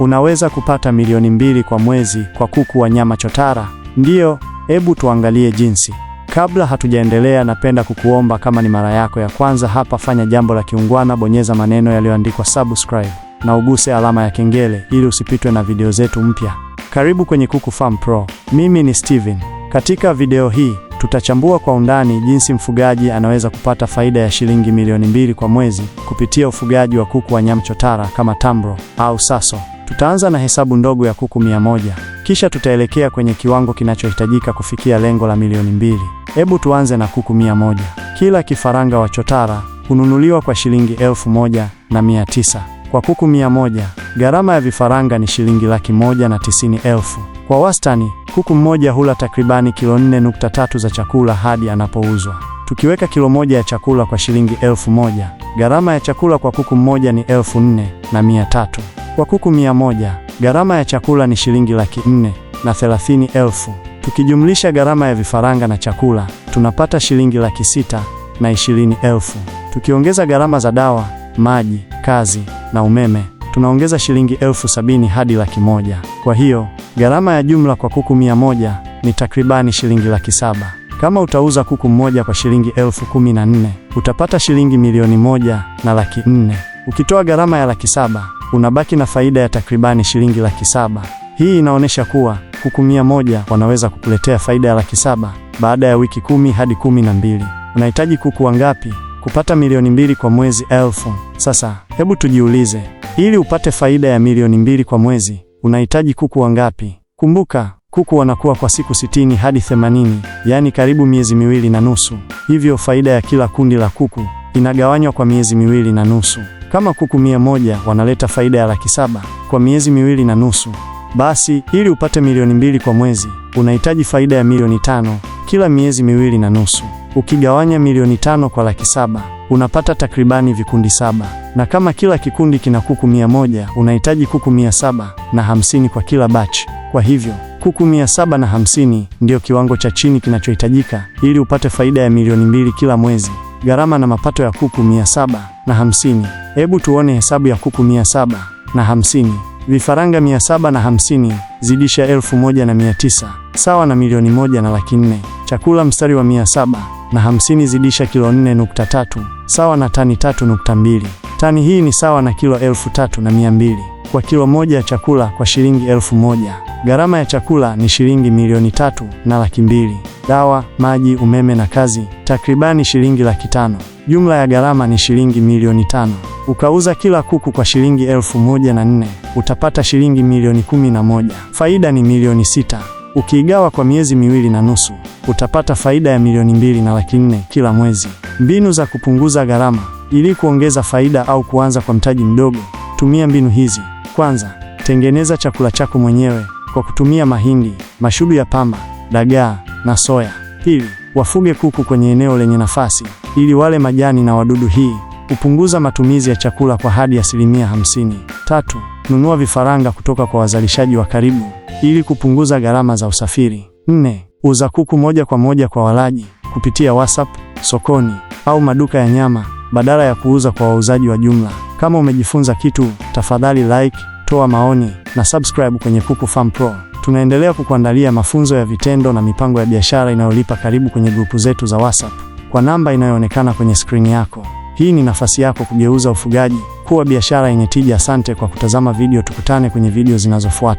Unaweza kupata milioni mbili kwa mwezi kwa kuku wa nyama chotara. Ndiyo, hebu tuangalie jinsi. Kabla hatujaendelea, napenda kukuomba kama ni mara yako ya kwanza hapa, fanya jambo la kiungwana, bonyeza maneno yaliyoandikwa subscribe na uguse alama ya kengele ili usipitwe na video zetu mpya. Karibu kwenye Kuku Farm Pro. Mimi ni Steven. Katika video hii tutachambua kwa undani jinsi mfugaji anaweza kupata faida ya shilingi milioni mbili kwa mwezi kupitia ufugaji wa kuku wa nyama chotara kama tambro au saso. Tutaanza na hesabu ndogo ya kuku mia moja, kisha tutaelekea kwenye kiwango kinachohitajika kufikia lengo la milioni mbili. Hebu tuanze na kuku mia moja. Kila kifaranga wa chotara hununuliwa kwa shilingi elfu moja na mia tisa. Kwa kuku mia moja, gharama ya vifaranga ni shilingi laki moja na tisini elfu. Kwa wastani, kuku mmoja hula takribani kilo 4.3 za chakula hadi anapouzwa. Tukiweka kilo moja ya chakula kwa shilingi elfu moja, gharama ya chakula kwa kuku mmoja ni elfu nne na mia tatu. Kwa kuku mia moja gharama ya chakula ni shilingi laki nne na thelathini elfu. Tukijumlisha gharama ya vifaranga na chakula tunapata shilingi laki sita na ishirini elfu. Tukiongeza gharama za dawa, maji, kazi na umeme tunaongeza shilingi elfu sabini hadi laki moja. Kwa hiyo gharama ya jumla kwa kuku mia moja ni takribani shilingi laki saba. Kama utauza kuku mmoja kwa shilingi elfu kumi na nne utapata shilingi milioni moja na laki nne ukitoa gharama ya laki saba unabaki na faida ya takribani shilingi laki saba. Hii inaonyesha kuwa kuku mia moja wanaweza kukuletea faida ya laki saba baada ya wiki kumi hadi kumi na mbili. Unahitaji kuku wangapi kupata milioni mbili kwa mwezi elfu? Sasa hebu tujiulize, ili upate faida ya milioni mbili kwa mwezi unahitaji kuku wangapi? Kumbuka, kuku wanakuwa kwa siku sitini hadi themanini, yaani karibu miezi miwili na nusu. Hivyo faida ya kila kundi la kuku inagawanywa kwa miezi miwili na nusu. Kama kuku mia moja wanaleta faida ya laki saba kwa miezi miwili na nusu, basi ili upate milioni mbili kwa mwezi unahitaji faida ya milioni tano kila miezi miwili na nusu. Ukigawanya milioni tano kwa laki saba unapata takribani vikundi saba, na kama kila kikundi kina kuku mia moja unahitaji kuku mia saba na hamsini kwa kila batch. Kwa hivyo kuku mia saba na hamsini ndiyo kiwango cha chini kinachohitajika ili upate faida ya milioni mbili kila mwezi gharama na mapato ya kuku 750. Hebu tuone hesabu ya kuku na 750. Vifaranga 750 zidisha 1900 sawa na milioni moja na laki nne. Chakula mstari wa na 750 zidisha kilo 4.3 sawa na tani 3.2. Tani hii ni sawa na kilo na 3200 kwa kilo moja ya chakula kwa shilingi elfu moja. Gharama ya chakula ni shilingi milioni tatu na laki mbili. Dawa, maji, umeme na kazi takribani shilingi laki tano. Jumla ya gharama ni shilingi milioni tano. Ukauza kila kuku kwa shilingi elfu moja na nne utapata shilingi milioni kumi na moja. Faida ni milioni sita. Ukiigawa kwa miezi miwili na nusu utapata faida ya milioni mbili na laki nne kila mwezi. Mbinu za kupunguza gharama ili kuongeza faida au kuanza kwa mtaji mdogo, tumia mbinu hizi. Kwanza, tengeneza chakula chako mwenyewe kwa kutumia mahindi, mashudu ya pamba, dagaa na soya. Pili, wafuge kuku kwenye eneo lenye nafasi ili wale majani na wadudu. Hii hupunguza matumizi ya chakula kwa hadi asilimia hamsini. Tatu, nunua vifaranga kutoka kwa wazalishaji wa karibu ili kupunguza gharama za usafiri. Nne, uza kuku moja kwa moja kwa walaji kupitia WhatsApp, sokoni au maduka ya nyama badala ya kuuza kwa wauzaji wa jumla. Kama umejifunza kitu, tafadhali like, toa maoni na subscribe kwenye Kuku Farm Pro. Tunaendelea kukuandalia mafunzo ya vitendo na mipango ya biashara inayolipa. Karibu kwenye grupu zetu za WhatsApp kwa namba inayoonekana kwenye skrini yako. Hii ni nafasi yako kugeuza ufugaji kuwa biashara yenye tija. Asante kwa kutazama video, tukutane kwenye video zinazofuata.